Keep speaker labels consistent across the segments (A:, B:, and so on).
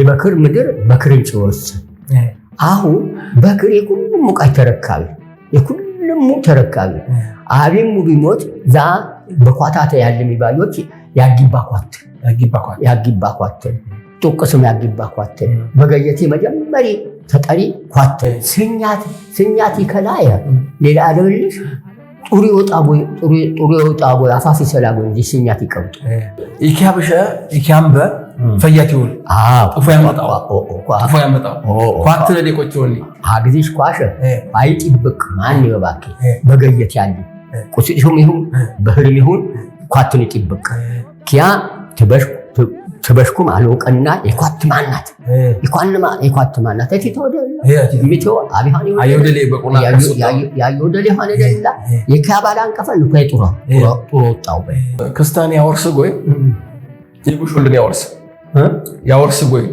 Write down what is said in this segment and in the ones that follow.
A: የበክር ምድር በክርን ጭወስ አሁን በክር የሁሉም ሙቃይ ተረካቢ የሁሉም ተረካቢ አቢሙ ቢሞት ዛ በኳታተ ያለ ያጊባ ኳት ያጊባኳትን ያጊባ ኳት በገየቴ መጀመሪ ተጠሪ ኳት ስኛት ስኛት ይከላየ ሌላ አደብልሽ ጥሩ ይወጣ ቦይ አፋፊ ሰላጎ ስኛት ይቀብጡ
B: ይኪያብሸ ይኪያምበ ፈያቲውን ጥፎ ያመጣው ጥፎ ያመጣው ኳትነ ዴቆችሆን
A: ሀግዚሽ ኳሸ አይጢብቅ ማን ይበባክ በገየት ያሉ ቁስሽም ይሁን በህርም ይሁን ኳትን ይጢብቅ ኪያ ትበሽኩም አልውቅና የኳት ማናት ይኳንማ የኳት ማናት እቲት
B: ወደላ ሚቴዎ አቢሃን ይወደለ በቆና
A: ያይወደለ ደላ የካባላ አንቀፈን እኮ ይጥሮ ጥሮ ወጣው
B: ከስታኔ ያወርስ ጎይ ይጉሹልን ወልድን ያወርስ ያወርስ ጎይ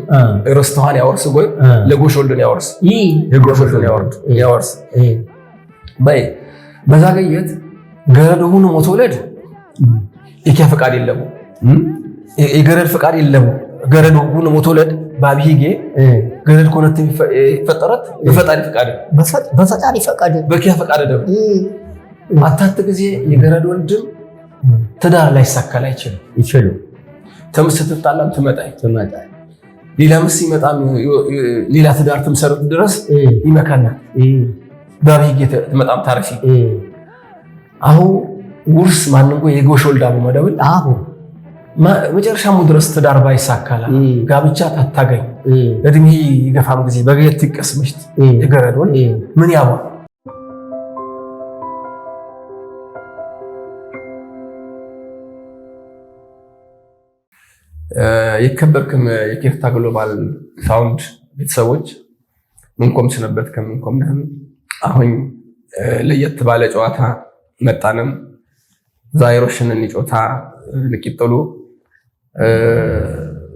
B: ርስትሃን ያወርስ ጎይ ለጎሽ ወልድን ያወርስ የጎሽ ወልድን ያወርስ በይ በዛገየት ገረድ ሆኖ ሞት ኢኪያ ፈቃድ የለሙ የገረድ ፈቃድ የለሙ ገረድ ሆኖ ሞት ወለድ ባብሂጌ ገረድ ኮነት ይፈጠረት በፈጣሪ ፈቃድ
A: በፈጣሪ ፈቃድ
B: በኪያ ፈቃድ ደግሞ አታት ጊዜ የገረድ ወልድም ትዳር ላይሳካል አይችልም ይችሉ ተምስ ስትጣላም ትመጣይ ሌላ ምስ ይመጣም ሌላ ትዳር ትምሰርት ድረስ ይመካና በብሂግ ትመጣም ታረፊ አሁ ውርስ ማንንጎ እኮ የጎሽ ወልዳ በመደብል አሁ መጨረሻ ድረስ ትዳር ባይሳካላ ጋብቻ ታታገኝ እድሜ ይገፋም ጊዜ በገት ይቀስምሽት የገረዶን ምን ያባ የከበርክም የኬርታ ግሎባል ፋውንድ ቤተሰቦች ምንኮም ስነበት ከምንኮም ነህም አሁን ለየት ባለ ጨዋታ መጣንም ዛይሮሽንን ጮታ ንቂጠሉ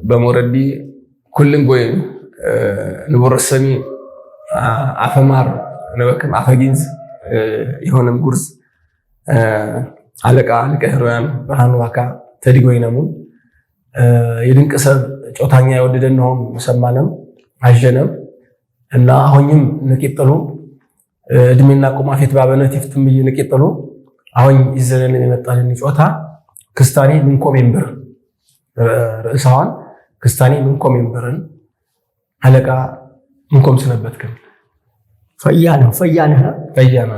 B: በሞረዲ ኩልን ጎይ ንቦረሰሚ አፈማር ነበክም አፈጊንዝ የሆነም ጉርዝ አለቃ ልቀህሮያን ብርሃን ዋካ ተዲጎይነሙን የድንቅ ሰብ ጮታኛ የወደደ ነሆም ሰማንም አዠነም እና አሁኝም ንቂጥሉ እድሜና ቁማ ፊት ባበነት ይፍትም ንቂጥሉ አሁኝ ይዘለን የመጣልን ጮታ ክስታኔ ሜምበር ርእሳዋን ክስታኔ ሜምበርን አለቃ ምንኮም ስነበትክም
A: ፈያ ነው ፈያ ነህ ፈያ ነው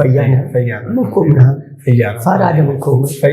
A: ፈያ ነህ ፈያ ነህ ምንኮም ነህ ፈያ ነው ፋራ ደምንኮም ፈያ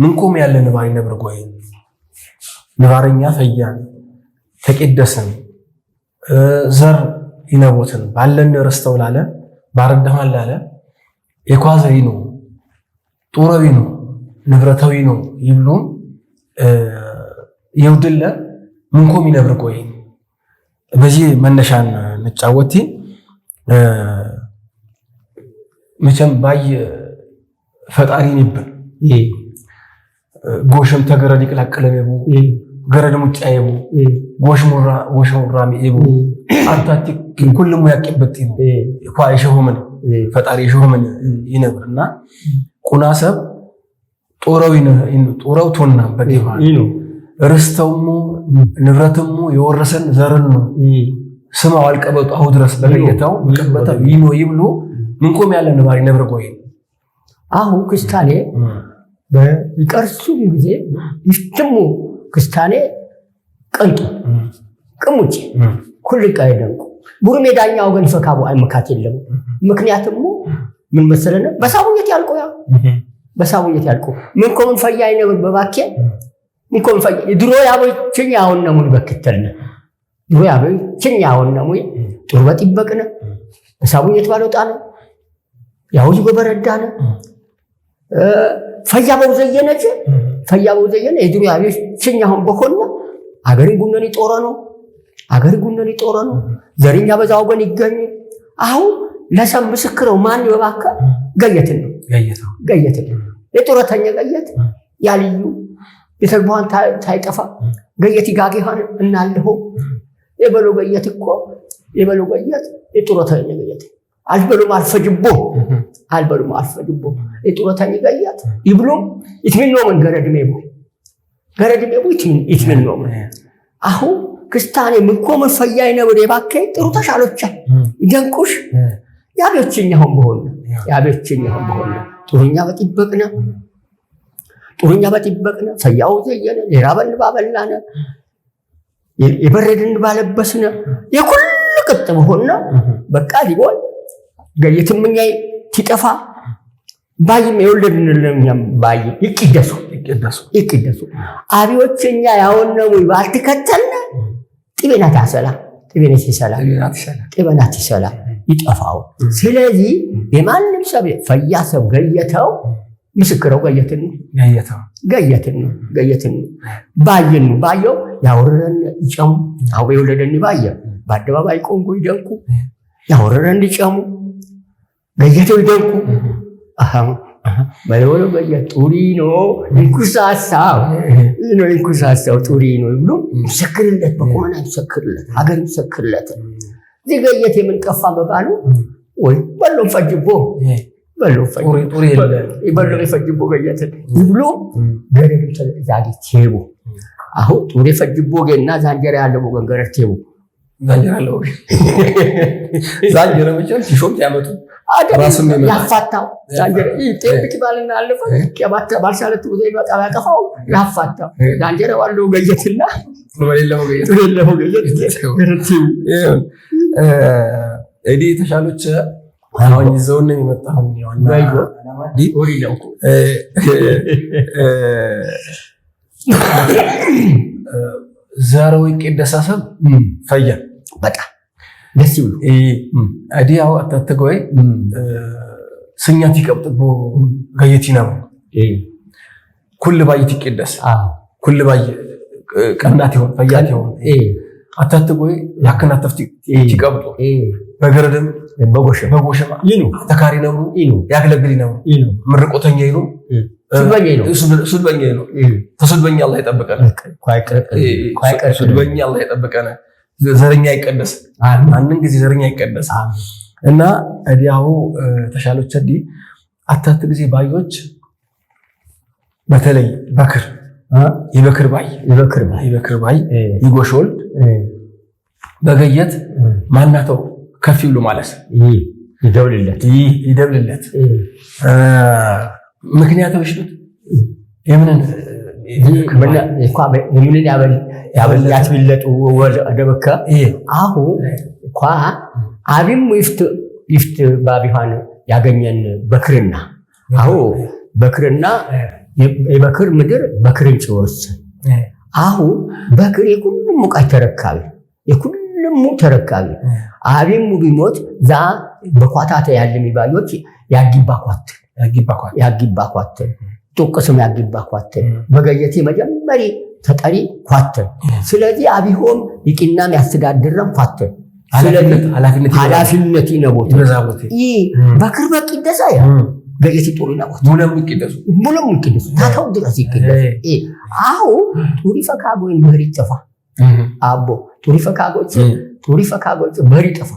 B: ምንቆም ያለ ንባይ ነብር ጎይ ንባረኛ ፈያን ተቄደሰን ዘር ይነቦትን ባለን ረስተው ላለ ባረደማል ላለ የኳዘይ ነው ጡረዊ ነው ንብረታዊ ነው ይብሉ የውድለ ምንኮም ይነብር ጎይ በዚህ መነሻን ንጫወቲ መቼም ባይ ፈጣሪን ይብል ጎሽም ተገረድ ይቅላቅለም የቡ ገረድ ሙጫ የቡ ጎሽ ሙራ የቡ አርታቲ ሁልሙ ያቄበት ይቡ እኳ የሸሆምን ፈጣሪ የሸሆምን ይነብር እና ቁና ሰብ ጦረው ጦረው ቶና በዴባ ርስተውሙ ንብረትሙ የወረሰን ዘርን ነው ስማው አልቀበጡ አሁ ድረስ በበየታው ቀበታው ይኖ ይብሉ ምንቆም ያለ ንባሪ ነብረ ጎይ
A: አሁ ክስታኔ በይቀርሱም ጊዜ ይሽትሙ ክስታኔ ቀንጡ ቅሙጭ ኩልቃ ይደንቁ ቡርሜ ዳኛው ግን ፈካቡ አይመካት የለም። ምክንያቱም ምን መሰለነ በሳቡኘት ያልቁ ያ በሳቡኘት ያልቁ ምን ኮምን ፈያ አይነበር በባኬ ምን ኮምን ፈያ ድሮ ያቦችን አሁን ነሙን በክተልነ ድሮ ያቦችን አሁን ነሙ ጥርበት ይበቅነ በሳቡኘት ባለውጣ ነው ያውጅ ጎበረዳ ፈያበው ዘየነች ፈያበው ዘየነ የድሮ ያቤት ችኛሁን በኮነ አገሪ ጉነን ጦረ ነው አገሪ ጉነን ጦረ ነው ዘርኛ በዛ ወገን ይገኝ አሁ ለሰም ምስክረው ማን ይበባከ ገየትን ነው ገየትን የጡረተኛ ገየት ያልዩ የተግባን ታይጠፋ ገየት ይጋግ ይሆን እናልሆ የበሎ ገየት እኮ የበሎ ገየት የጡረተኛ ገየት አልበሎም አልፈጅቦ አልበሉ አልፈጅቦ የጡረታ ይጋያት ይብሉም ገረድሜ ገረድሜቡ ኢትሚን ይትምኖምን አሁን ክስታኔ ምኮምን ፈያይ ነብር የባከ ጥሩ ተሻሎቻ ይደንቁሽ ያቤችኛሁን በሆነ ያቤችኛሁን በሆነ ጥሩኛ በጥበቅነ ጥሩኛ በጥበቅነ ፈያው ዘየነ ሌራ በልባ በላነ የበረድን ባለበስነ የኩል ቅጥ በሆነ በቃ ሊቦል ገየትምኛይ ሲጠፋ ባይም የወለድንለኛም ባይ ይቅደሱ ይቅደሱ አብዮችኛ ያወነሙ ባልትከተልነ ጥቤናት ያሰላ ጥቤናት ይሰላ ጥቤናት ይሰላ ይጠፋው። ስለዚህ የማንም ሰብ ፈያ ሰብ ገየተው ምስክረው ገየትን
B: ነው
A: ገየትን ገየትን ባይን ነው ባየው ያወረረን ይጨሙ አሁ የወለደን ባየ በአደባባይ ቆንጎ ይደንቁ ያወረረን ይጨሙ በየተወደቁ በሆነ በየጡሪኖ ይንኩሳሳው ነው ይንኩሳሳው ጡሪኖ ብሎ ይሰክርለት፣ በቁመና ይሰክርለት፣ ሀገር ይሰክርለት። እዚህ ገየት የምንቀፋ በቃሉ ወይ በሎ ፈጅቦ በሎ ፈጅቦ ገየት ይብሎ ገረድ ዛዲ ቴቡ አሁ ጡሪ ፈጅቦ ገና ዛንጀራ ያለ ገንገረድ ቴቡ
B: ዛጀራለው ዛጀረ መጨረሻ ሾም ያመጡ
A: ራሱን ያፋታው ጤብቅ ባልና አለፈ ባልሻለቱ ዘይባ ያጠፋው ያፋታው ዛጀረ ባለው ገጀትና
B: እዲ ተሻሎች አሁን ይዘውን ነው የመጣሁን ዘረወይ ቄደሳሰብ ፈያ
A: በቃ ደስ ይብሉ።
B: አዲያው አታተጎይ ስኛት ይቀብጥቦ ገየቲ ነው ኩል ባይ ትቅደስ ኩል ባይ ቀናት ይሆን ፈያት ይሆን አታተጎይ ያከና ተፍቲ ይቀብጡ በገረደም በጎሸ በጎሸማ ይኑ ተካሪ ነው ይኑ ያገለግል ነው ይኑ ምርቆተኛ ይኑ ሱድበኛ ይኑ ተሱድበኛ አላህ ይጠብቀን ኳይቀር ሱድበኛ አላህ ይጠብቀን ዘረኛ ይቀደስ፣ ማንን ጊዜ ዘረኛ ይቀደስ እና እዲያው ተሻሎች ዲ አታት ጊዜ ባዮች በተለይ በክር የበክር ባይ
A: የበክር
B: ባይ ይጎሾል በገየት ማናተው ከፍ ይብሉ ማለት
A: ይደብልለት ይደብልለት
B: ምክንያት ብሽሉት የምንን
A: ምንን ያበላት ቢለጡ ወደበከ አሁ እኳ አቢም ይፍት ይፍት ያገኘን በክርና አሁ በክርና የበክር ምድር በክርን ጭወርስ አሁ በክር የኩልም ሙቃይ ተረካቢ የኩልም ተረካቢ አቢሙ ቢሞት ዛ በኳታተ ያለ ሚባዮች ያጊባኳት ያጊባኳት ጡቅስም ያግባ ኳትን በገየቴ መጀመሪ ተጠሪ ኳትን ስለዚህ አብሆም ይቂናም ያስተዳድረም ኳትን ኃላፊነት ነቦት በክርበ ቂደሳ ያ በየት ጦሪና ቦት ሙለም ይቅደሱ ታታው ድረስ ይቅደሱ አሁ ጡሪ ፈካጎይን መሪ ጥፋ አቦ ጡሪ ፈካጎች ጡሪ ፈካጎች መሪ ጥፋ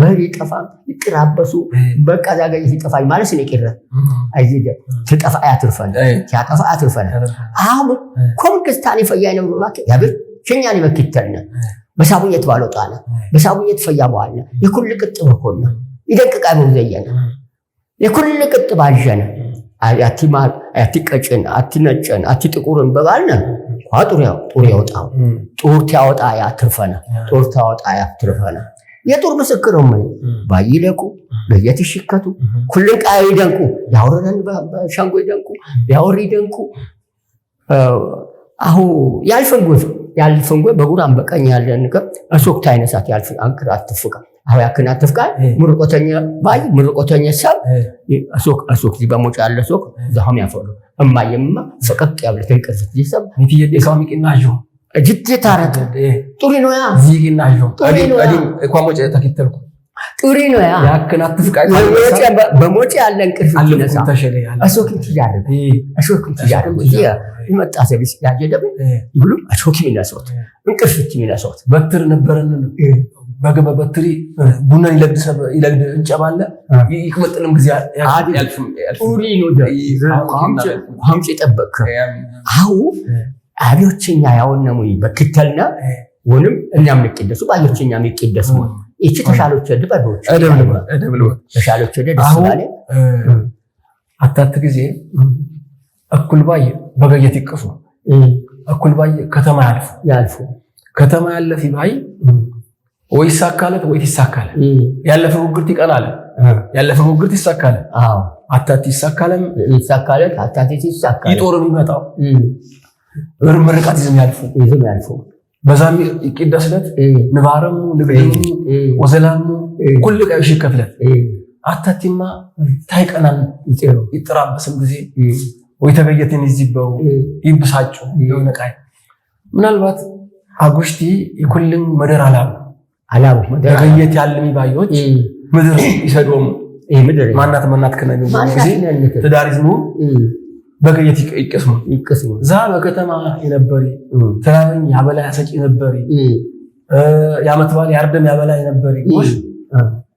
A: በህግ ይጠፋል ይቅራበሱ በቃ ዛገኝ ሲጠፋኝ ማለት ስለ ቂረ አይዘደ ትጠፋ አያትርፈን ሲያጠፋ አያትርፈን አሁን ኮምክስታን ፈያ ነው ማከ ያብር ሸኛን ነው በሳቡየት ባለው ጣለ በሳቡየት ፈያ በኋላ የኩል ቅጥብ ሆነ ይደቅቃ ነው ዘየነ የኩል ቅጥብ አጀነ አቲማል አቲቀጭን አቲነጭን አቲጥቁርን በባልነ ኳ ጡር ያወጣው ጡር ያወጣ ያትርፈና ጡር ታወጣ ያትርፈና የጦር ምስክር ምን ባይለቁ ለየት ይሽከቱ ሁሉን ቃይ ደንቁ ያውረደን ሻንጎ ደንቁ ያወሪ ደንቁ አሁ ያልፈንጎት ያልፈንጎ በጉራን በቀኝ ያለን ከ እሶክታ ታይነሳት ያልፍ አንክር አትፍቃ አሁ ያክን አትፍቃ ምርቆተኛ ባይ ምርቆተኛ ሰብ እሶክ እሶክ በሞጫ ያለ ሶክ ዛሁም ያፈሉ እማየማ ፈቀቅ ያብለ ተንቀርፍት ይሰብ
B: ይትየ ቃሚቅና ይሁን
A: እጅት ታረገ ጥሪ ነው ያ
B: ዚግና ይሁ ጥሪ ነው ያ እኮ ሞጨ ተከተልኩ ጥሪ ነው ያ ያክን አትፍቃይ
A: ሞጨ በሞጨ ያለ እንቅልፍ ይነሳ አሾክም ትያረገ አሾክም ትያረገ ይያ ይመጣ ሰብስ ያጀደብ ይብሉ አሾክም ይነሳውት እንቅልፍ ይነሳውት
B: በትር ነበረን በገበ በትሪ ቡናን ይለግድ ሰብ ይለግድ እንጨባለ ይቅመጥልም ጊዜ
A: ያልፍ ያልፍ ጥሪ ነው ያ አምጪ ጠበቅክ አዎ አብዮችኛ ያወነሙ በክተልና ወንም እኛ የሚቀደሱ ባዮችኛ የሚቀደሱ እቺ ተሻሎች ድበዶች ተሻሎች ደስ
B: ደስላለ አታት ጊዜ እኩል ባይ በገየት ይቅፉ እኩል ባይ ከተማ ያልፉ ያልፉ ከተማ ያለፊ ባይ ወይ ይሳካለት ወይ ይሳካለ ያለፈ ጉግርት ይቀላል ያለፈ ጉግርት ይሳካለ አዎ አታት ይሳካለም
A: ይሳካለት አታት ይሳካለ
B: ይጦርም ይመጣው ምርቃት ይዘም ያልፉ ይዘም ያልፉ በዛም ይቅደስለት ንባረሙ ንግድሙ ወዘላሙ ኩሉ ቀብሽ ይከፍለት አታቲማ ታይቀናል ይጥራበስም ጊዜ ወይ ተበየትን ይዝበው ይብሳጩ የሆነ ቃይ ምናልባት አጉሽቲ ይኩልን መደር አላሉ አላሉ ተበየት ያለም ባዮች ምድር ይሰዶም ይሄ ምድር ማናት ማናት ከነኝ ጊዜ ትዳር በቀየት ይቀስሙ ይቀስሙ ዛ በከተማ የነበሪ ተራኝ ያበላ ያሰጭ ነበር የዓመት በዓል ያርደም ያበላ ነበር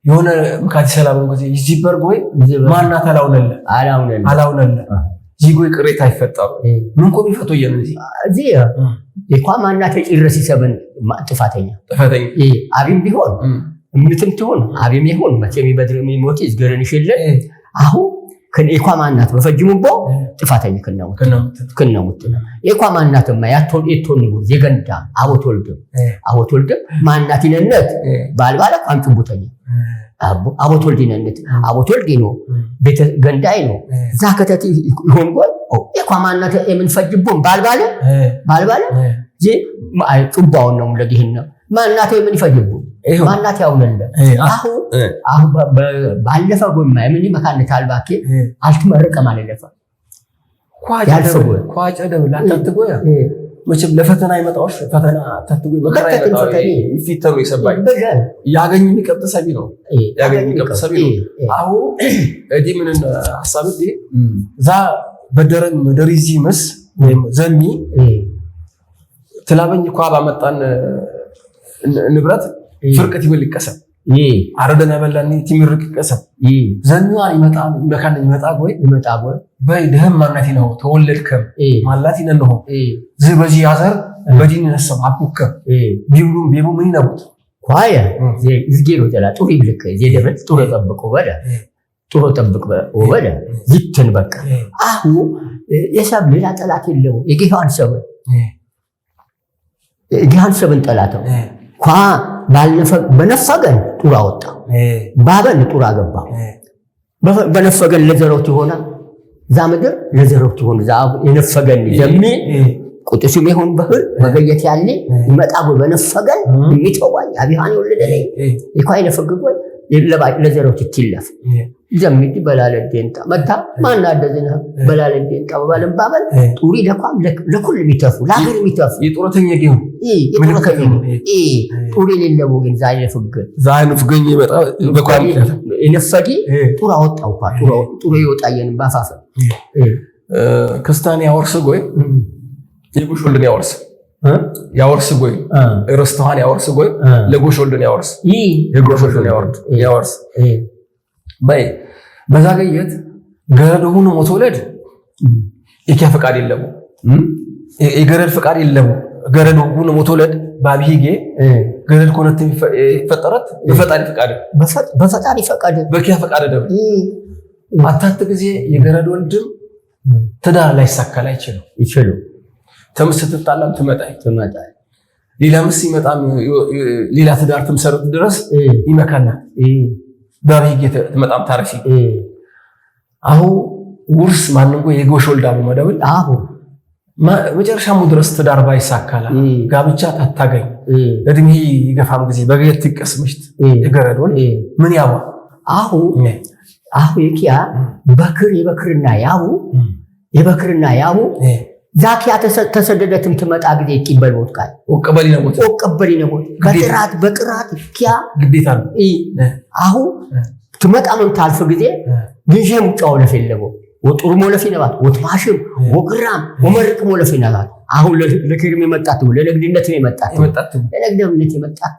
B: የሆነ ምካት ሰላም ጊዜ እዚህ በርጎይ ማና ተላውለለ አላውለለ አላውለለ ዚጎይ ቅሬታ አይፈጠሩ ምን ቆም ይፈቶ ይየን
A: እዚ የኳ ማና ተጭረስ ይሰብን ጥፋተኛ ጥፋተኛ አብም ቢሆን እምትም ትሆን አብም ይሆን መቼም ይበድር የሚሞት ይዝገረን ይሽለ አሁን የኳ ማናት በፈጅሙቦ ጥፋተኝ ክነሙት ክነሙት የኳ ማናትማ ያቶል የቶን ይሁን የገንዳ አቦቶልድም አቦቶልድም ማናት ይነነት ባልባለ ቋንጭቡተኝ አቦ አቦቶልድ ይነነት አቦቶልድ ይኖ ቤተ ገንዳይ ነው ዛ ከተት ይሆን ጎል የኳ ማናት የምንፈጅቦን ባልባለ ባልባለ ጂ ጡባውን ነው ለጊህነ ማናት የምንፈጅቦ ማናት ያው አሁን ባለፈ ጎማ የምን መካነ ካልባኬ አልትመረቀም አለለፈ
B: መቼም ለፈተና ይመጣዎች ፈተና የሚቀብጥ ሰቢ ነው የሚቀብጥ ሰቢ ነው። አሁን እዲ ሀሳብ ምስ ዘሚ ትላበኝ ኳ ባመጣን ንብረት ፍርቀት ይበል ይቀሰብ አረደ በላኒ ቲምርቅ ይቀሰብ ዘንዋ ይመጣ ይመካን ይመጣ ወይ ይመጣ ወይ በይ ደህም ማነት ነው ተወለድከም ማላት ይነነሆ ዝ በዚ ያዘር በዲን ነሰብ አኩከ ቢውሉም ቢቡ ምን ይነቡት
A: ኳየ ዝጌሮ ተላ ጡሪ ብልከ ዘደበት ጥሩ ጠብቆ ወደ ጡሮ ጠብቅ ወደ ይትን በቃ አሁ የሰብ ሌላ ጠላት የለው የጌሃን ሰብን የጌሃን ሰብን ጠላተው ኳ በነፈገን ጡራ ወጣ፣ ባበል ጡራ ገባ። በነፈገን ለዘሮት ይሆና እዛ ምድር ለዘሮት ይሆን ዛ የነፈገን ዘሜ ቁጥሱም ይሆን በህል በገየት ያለ ይመጣ በነፈገን የሚተዋኝ አብሃን ይወልደለይ ይኳ ይነፈግጎ ለዘሮት ይትለፍ ዘሚት በላለን ዴንጣ መታ ማን አደዝና በላለን ዴንጣ ባበል ጡሪ ለኳም ለኩል የሚተፉ ለሀገር የሚተፉ
B: የጡረተኛ ጌም
A: የጡረተኛ ጡሪ ሌለቦ ግን ዛ ነፍገ
B: ዛ ነፍገኝ በጣም
A: የነፈጊ ጡራ ወጣው እኳ ጡሮ ይወጣየን ባፋፈ
B: ክስታን ያወርስ ጎይ የጎሾልድን ያወርስ ያወርስ ጎይ ርስትሃን ያወርስ ጎይ ለጎሾልድን ያወርስ ይ የጎሾልድን ያወርስ በይ በዛ ገየት ገረድ ሆኖ ሞተወለድ ኢኪያ ፈቃድ የለሙ የገረድ ፈቃድ የለሙ ገረድ ሆኖ ሞተወለድ ባብሂጌ ገረድ ኮነት ይፈጠረት በፈጣሪ ፈቃድ
A: በፈጣሪ ፈቃድ
B: በኪያ ፈቃድ ደም አታት ጊዜ የገረድ ወንድም ትዳር ላይ ሳካል አይችሉ ይችሉ ተምስ ስትጣላም ትመጣይ ትመጣይ ሌላ ምስ ይመጣም ሌላ ትዳር ትምሰረት ድረስ ይመካናል በበግ በጣም ታርሲ አሁ ውርስ ማንንጎ የጎሽ ወልዳሉ መደብል አሁ መጨረሻ ድረስ ትዳር ባይሳካላ ጋብቻ ታታገኝ እድሜ ይገፋም ጊዜ በገየት ትቀስ ምሽት የገረዶን ምን ያው
A: አሁ አሁ የኪያ በክር የበክርና ያው የበክርና ያው ዛኪያ ተሰደደትም ትመጣ ጊዜ ይቅበል ቦት ቃል
B: ወቀበሊ ነቦት
A: ወቀበሊ ነቦት በጥራት በቅራት ኪያ ግዴታ ነው። አሁን ትመጣ ምን ታልፈ ጊዜ ግንሸም ጫው ለፈለቦ ወጥሩ ሞለፊ ነባት ወትባሽም ወግራም ወመርቅ ሞለፊ ነባት አሁን ለክርም የመጣት ለንግድነት የመጣት ለንግድነት የመጣት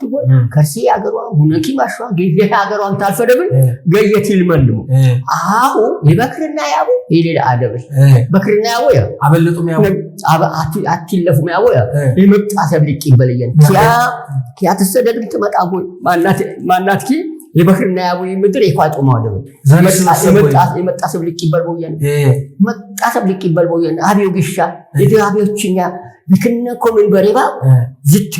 A: ከርሲ አገሯን ቡነኪ ማሸ ገየ አገሯን ታልፈደብን ገየት ይልመልሙ አሁ የበክርና ያቡ የሌላ አደብል በክርና ያቡ አበለጡም ያቡ አትለፉም ያቡ ሰብ ብልቅ ይበልየን ያ ተሰደድም ትመጣ ማናት ኪ የባህርና የአቡይ ምድር የኳጦማ ወደብ የመጣ ሰብ ልቅ ይበል መጣ ሰብ ልቅ ይበል አብዮ ግሻ የአብዮችኛ ብክነ ኮምን በሬባ ዝች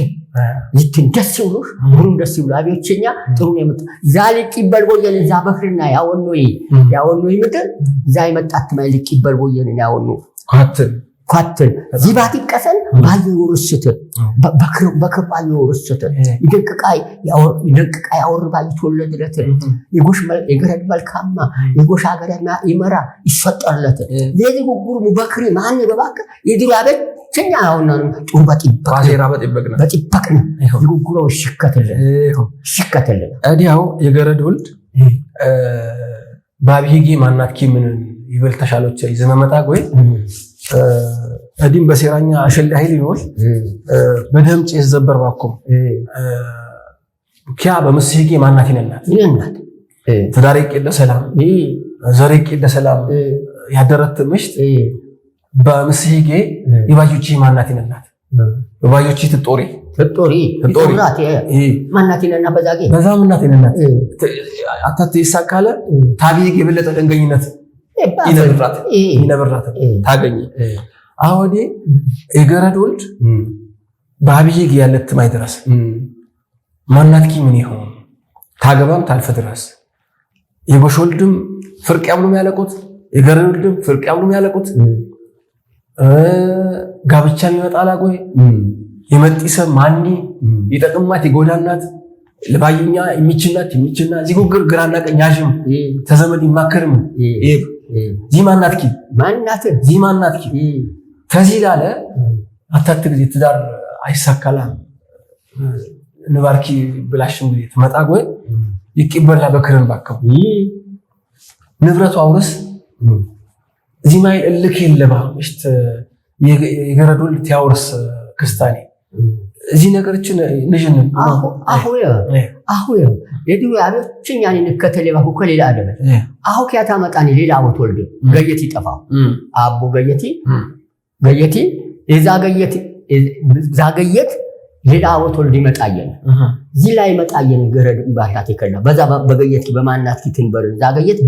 A: ዝችን ደስ ይብሉ ሁሉም ደስ ይብሉ አብዮችኛ ጥሩ ነው የመጣ ዛ ልቅ ይበል በውያን ዛ ባህርና ያወኖ ያወኖ ምድር ዛ የመጣት ማይ ልቅ ይበል በውያን ያወኖ ኳትን ዚባቲቀሰን ባዩ ርስትን በክር ባዩ ርስትን ይደንቅቃ ያወር ባዩ ተወለድለትን የገረድ መልካማ የጎሽ ሀገርና ይመራ ይፈጠርለትን ለዚ ጉጉሩ በክሪ ማን በባከ የድሪ አበት ችኛ ያውና ጥሩ
B: በጢበቅነ
A: የጉጉሮ ይሸከትልን ይሸከትልን
B: እዲያው የገረድ ውልድ ባብሄጌ ማናት ኪምን ይበልተሻሎች ዘመመጣ ጎይ ዲም በሴራኛ ሄል ሀይል በደም ጭስ ዘበር ባኮም ኪያ በመስሄቄ ማናት ይነናት ይነናት ትዳሬ ቄደ ሰላም ዘሬ ቄደ ሰላም ያደረት ምሽት በመስሄቄ ይባዩቺ ማናት ይነናት ይባዩቺ ትጦሪ
A: ትጦሪ ትጦሪ ማናት ይነና በዛጌ
B: በዛ ማናት ይነናት አታት ይሳካለ ታቢቅ የበለጠ ደንገኝነት Eh, ይነብራት eh, eh. ይነብራት ታገኘ አሁን የገረድ ወልድ hmm. በአብዬ ያለት ማይ ድረስ hmm. ማናትኪ ምን ይሆን ታገባም ታልፈ ድረስ የጎሽ ወልድም ፍርቅ ያብሉም ያለቁት የገረድ ወልድም ፍርቅ ያብሉም ያለቁት hmm. ጋብቻ የሚመጣ ላጎይ ማኒ የሚችናት የሚችና እዚህ ጉግር ግራና ቀኝ ያዥም ተዘመድ ይማከርም ኪ ማናት ኪ ከዚህ ላለ አታት ጊዜ ትዳር አይሳካላ ንባርኪ ብላሽን ጊዜ ትመጣ ጎይ ይቅበላ በክረን ባከው ንብረቱ አውርስ ዚማይል እልክ የለባ ምሽት የገረዶል ቲያውርስ ክስታኔ እዚህ ነገርችን ንዥን
A: አሁ አሁ የዱ ያቤችን ያኔ ንከተሌባ ኩከሌላ አለበት አሁኪያ መጣኒ ሌላ ወት ወልድ ገየቲ ጠፋ አቦ ገየቲ ገየቲ እዛ ገየት እዛ ገየት ሌላ ወት ወልድ ይመጣየን እዚህ ላይ ይመጣየን ገረድ ባሻት ይከለ በዛ በገየት በማናት ኪትንበር እዛ ገየት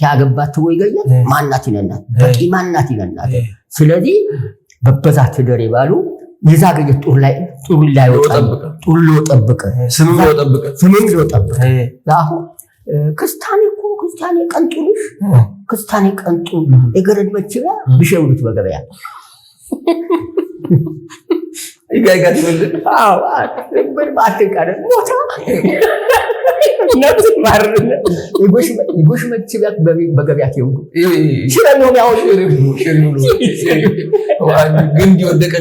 A: ከያገባት ወይ ገየት ማናት ይነናት በቂ ማናት ይነናት ስለዚህ በበዛ ትደር ይባሉ የዛ ገየት ጡር ላይ
B: ጡር ላይ ወጣ
A: ጡር ለወጠብቀ
B: ስምም ለወጠብቀ
A: ስምም ለወጠብቀ ዛሁ ክስታኔ እኮ ክስታኔ ቀንጡልሽ ክስታኔ ቀንጡ የገረድ መችቢያ ብሸውሉት በገበያ ጎሽ መችቢያ በገበያ ግንድ ወደቀ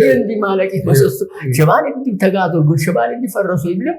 A: ግንድ ማለቂት መሰሶ ሽባን እንዲህ ተጋዞ ሽባን እንዲፈረሱ ይብለም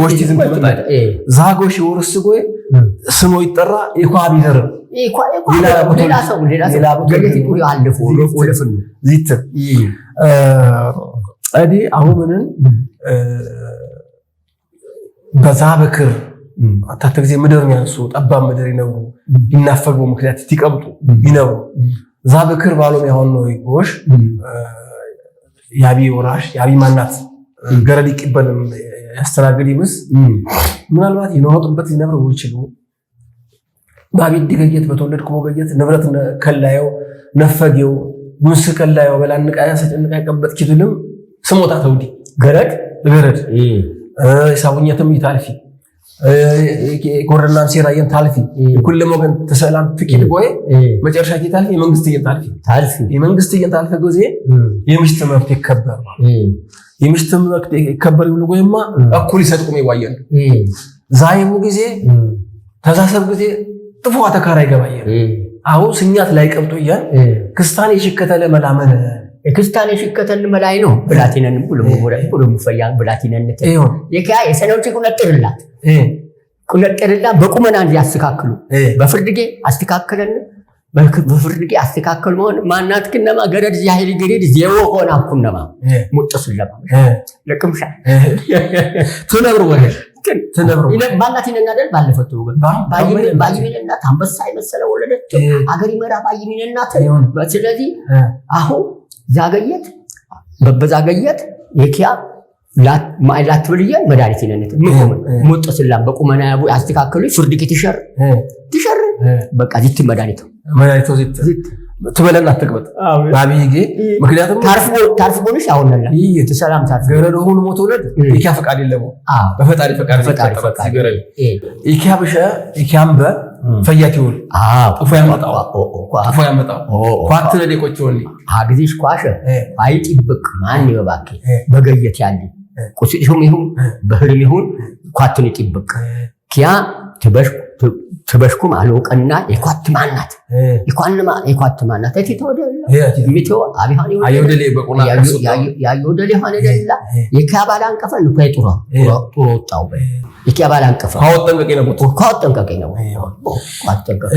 B: ጎሽቲ ዝም ዛ ጎሽ ወርስ ጎይ ስሞ ይጠራ ኢኳብ ይደር ጸዲ አሁምንን በዛ በክር አታተ ጊዜ ምድር ያንሱ ጠባብ ምድር ይነብሩ ይናፈጉ ምክንያት ይቀብጡ ይነብሩ ዛ በክር ባሎም ያሆን ነው ጎሽ ያቢ ወራሽ ያቢ ማናት ገረድ ይቅበል ያስተናግድ ይምስ ምናልባት ይኖሮጥበት ነብር ይችሉ ባቢድ ድገየት በተወለድ ክቦ ገየት ንብረት ከላየው ነፈጌው ጉንስ ከላየው በላንቃ ሰጭንቃ ኪትልም ስሞታ ተውዲ ገረድ ገረድ የሳቡኘትም ይታልፊ Eh, ሴራ ሴራየን ታልፊ ኩለም ሞገን ተሰላም ፍቂድ ቆይ መጨረሻ ታልፊ የመንግስት ታልፊ ታልፊ የመንግስት ታልፈ ጊዜ የምሽት መብት ይከበር የምሽት መብት ይከበር ይሉ ጎይማ እኩል ይሰጥቁም ይዋየን ዛይሙ ጊዜ ተዛሰብ ጊዜ ጥፎ አተካራ ይገባየን አሁን ስኛት ላይ ቀብጦ እያን ክስታን የሽከተለ መላመን
A: የክስታነሽከተን መላይ ነው ብላቲነን ቁሉም ፈያን ብላቲነን የከያ የሰነውጭ ቁነጥርላት ቁነጥርላ በቁመና ያስተካክሉ በፍርድጌ አስተካከለን በፍርድጌ አስተካከሉ መሆን ማናት ክነማ ገረድ ዛሄል ገረድ ዜዎ ሆና ኩነማ ሙጥሱ ለማ ለቅምሻ ትነብሩ ወደ ትነብሩ ይነናደል ባለፈት ወገን አንበሳ የመሰለ ወለደች አገር ይመራ ባይሚንናት ስለዚህ አሁን ዛገየት በበዛገየት የኪያ ላትብልየ መድኃኒት ነነት ምቆምን ሞጦ ስላም በቁመና ያቡ አስተካከሉ ፍርድ ትሸር ትሸር በቃ ዚት መድኃኒት
B: መድኃኒት ዚት ትበለና አትቅበት ባብይ ጊዜ ምክንያቱም
A: ታርፍ ቦንሽ አሁን ነላ ሰላም
B: ታርፍ ገረዶ ሁን ሞት ወለድ ኢኪያ ፈቃድ የለሙ በፈጣሪ ፈቃድ ፈቃድ ፈቃድ ገረ ብሸ ኢኪያም በ ፈያት ይሁን ጥፎ ያመጣው ጥፎ ያመጣው ኳት ነዴቆች ይሁን
A: አግዲሽ ኳሸ አይጢብቅ ማን ይባክ በገየት ያለ ቁስሹም ይሁን በህልም ይሁን ኳትን ይጢብቅ ኪያ ትበሽ ትበሽኩም አለውቀና የኳትማናት የኳትማናት እቲ ተወደሚቴዎ አቢሆንያዩደሌ ሆነ ደላ የካባል አንቀፈ ንኳ ጥሮ ጥሮ ወጣው የካባል አንቀፈ
B: ካወጠንቀቄ ነው
A: ካወጠንቀቄ ነው ካወጠንቀቄ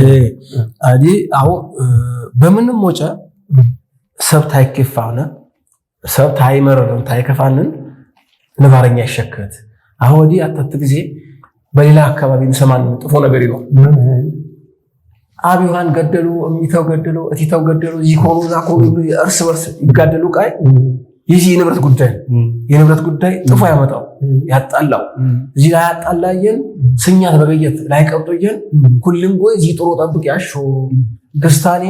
B: አዲ አሁን በምንም ወጨ ሰብት አይከፋነ ሰብት አይመረርም ታይከፋንን ነባረኛ ይሸከት አሁን ወዲህ አታት ጊዜ በሌላ አካባቢ እንሰማለን። ጥፎ ነገር ይሏል። አብዮሃን ገደሉ፣ እሚተው ገደሉ፣ እቲተው ገደሉ፣ ዚኮኑ ዛኮኑ እርስ በርስ ይጋደሉ። ቃይ ይህ የንብረት ጉዳይ የንብረት ጉዳይ ጥፎ ያመጣው ያጣላው እዚህ ላይ ያጣላየን ስኛት በበየት ላይ ቀብጦየን ሁልም ጎይ ዚህ ጥሮ ጠብቅ ያሾ ደስታኔ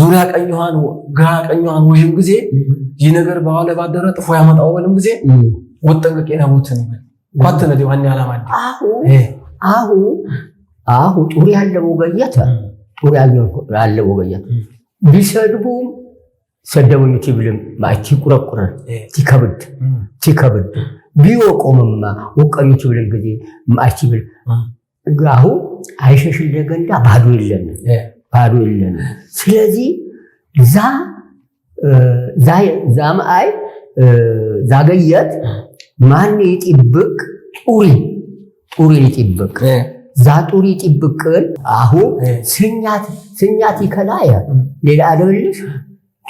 B: ዙሪያ ቀኝኋን ግራ ቀኝኋን ወዥም ጊዜ ይህ ነገር በኋላ ባደረ ጥፎ ያመጣው በልም ጊዜ ወጠንቀቄ ነቦትን ይበል ኳትነት ዋን ዓላማ
A: አሁ አሁ ጡር ያለው ገየተ ጡር ያለው ገየተ ቢሰድቡም ሰደበኝ ቲብልም ማቺ ቁረቁረን ቲከብድ ቲከብድ ቢወቆምማ ወቀዩ ቲብልን ጊዜ ማቺ ብል አሁ አይሸሽ እንደገንዳ ባዶ የለም ባዶ የለም። ስለዚህ ዛ ዛ ዛም አይ ዛገየት ማን ይጥብቅ ጡሪ ጡሪ ይጥብቅ ዛጡሪ ይጥብቅን አሁ ስኛት ስኛት ይከላየ ሌላ አለልሽ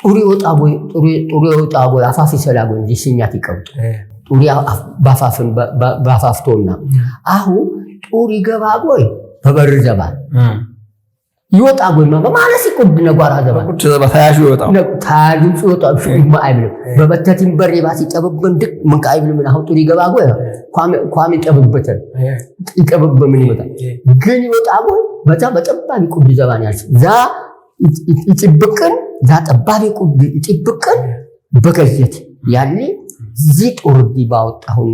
A: ጡሪ ወጣ ቦይ ጡሪ ጡሪ ወጣ ቦይ አፋፊ ሰላጎ እንጂ ስኛት ይቀውጥ ጡሪ ባፋፍን ባፋፍቶና አሁ ጡሪ ገባ ቦይ በበር ዘባ ይወጣ ጎማ በማለስ ይቆድ ነጓራ ዘባ ታያሹ ታያሹ በር ድቅ ምን አሁን ጥሪ ገባ ቋሚ ቋሚ ምን ይወጣ ግን ይወጣ ያልሽ ዛ ይጥብቅን ዛ ይጥብቅን በገየት ያኔ ዚ ጦርዲ ባወጣሁን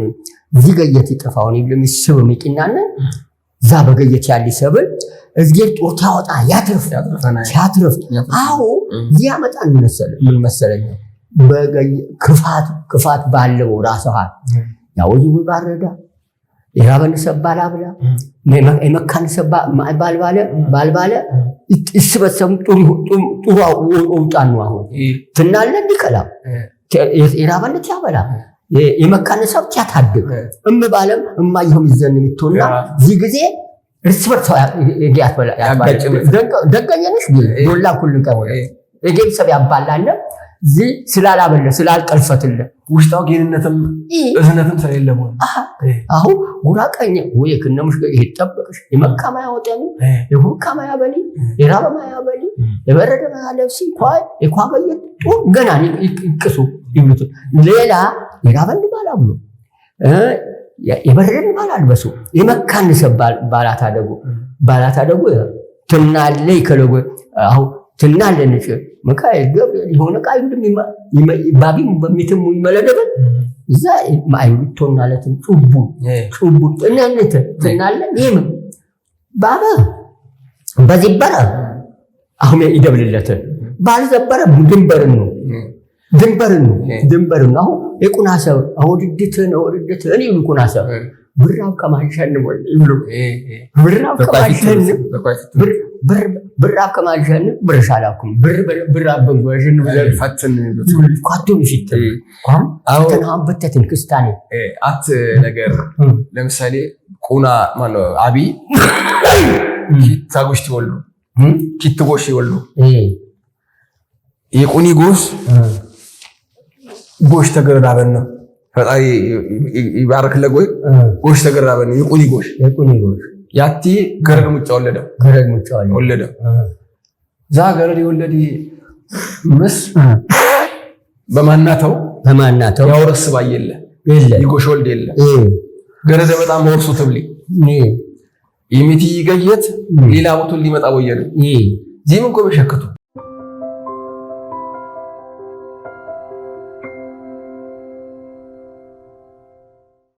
A: ዚ ገየት ይጠፋውን ይብልም ይስብ ዛ በገየት ያሊ ሰብል እዝጌር ጦር ታወጣ ያትርፍ ሲያትርፍ አዎ ያመጣ ምን መሰለኝ ክፋት ክፋት ባለው ያው ይሁን ባረዳ የራበን ሰባል አብላ የመካን ሰባ ባልባለ ባልባለ ይስበሰም ጥሩ ውጣን ነው አሁን ትናለ ሊከላም የራበን ያበላ የመካን ሰብ ያታድግ እምባለም እማይሆም ይዘን የሚቶና ይህ ጊዜ እርስ በርስ ደቀየነሽ ዶላ ኩል ቀሆነ የቤተሰብ ያባላለ እዚህ ስላላበለ ስላልቀልፈትለ
B: ውሽጣው ጌንነትም እዝነትም ስለሌለ ሆነ
A: አሁን ጉራ ቀኘ ወይ ክነሙሽ ይጠበቅሽ የመካማ ያወጠኒ የሁካማ ያበሊ የራበማ ያበሊ የበረደ ያለብሲ ኳይ የኳበየት ገና ይቅሱ ይብሉት ሌላ የራበንድ ባላ ብሎ የበረደን ባል አልበሱ፣ የመካን ሰብ ባላት አደጉ ባላት አደጉ ትናለ ከለጎ አሁ ትናለን ጭ መካ ገብርኤል የሆነ ቃል ባቢ በሚትሙ ይመለደበ እዛ ማይ ቶናለትን ጩቡ ጩቡ እናንተ ትናለ ይም ባባ በዚህ በረ አሁን ይደብልለት ባልዘበረ ድንበርን ነው ድንበርን ነው ድንበርን ነው አሁን የቁና ሰብ አውድድትን አወድድትን ይሉ ቁና ሰብ ብራብ ከማሸን ይሉ ብራብ ከማሸን ብራብ ከማሸንም ብርሽ አላኩም ብራብ በጓሽን ኳቱም ሲትል ተናን በተትን ክስታኔ
B: አት ነገር ለምሳሌ ቁና ማነው አቢ ኪታጎሽ ትወሉ ኪትጎሽ ይወሉ የቁኒ ጎስ ጎሽ ተገረዳበን ነው ፈጣሪ ይባረክ ለጎይ ጎሽ ተገረዳበን የቁኒ ጎሽ የቁኒ ጎሽ ያቲ ገረድ ሙጫ ወለደ ገረድ ሙጫ ወለደ ዛ ገረድ የወለዲ ምስ በማናተው
A: በማናተው
B: ያወርስ ባየለ የለ ይጎሽ ወልድ የለ ገረደ በጣም ወርሱ ትብሊ ይሚቲ ይገየት ሌላ ቦቱን ሊመጣ ወየደ ዚህም እኮ በሸክቱ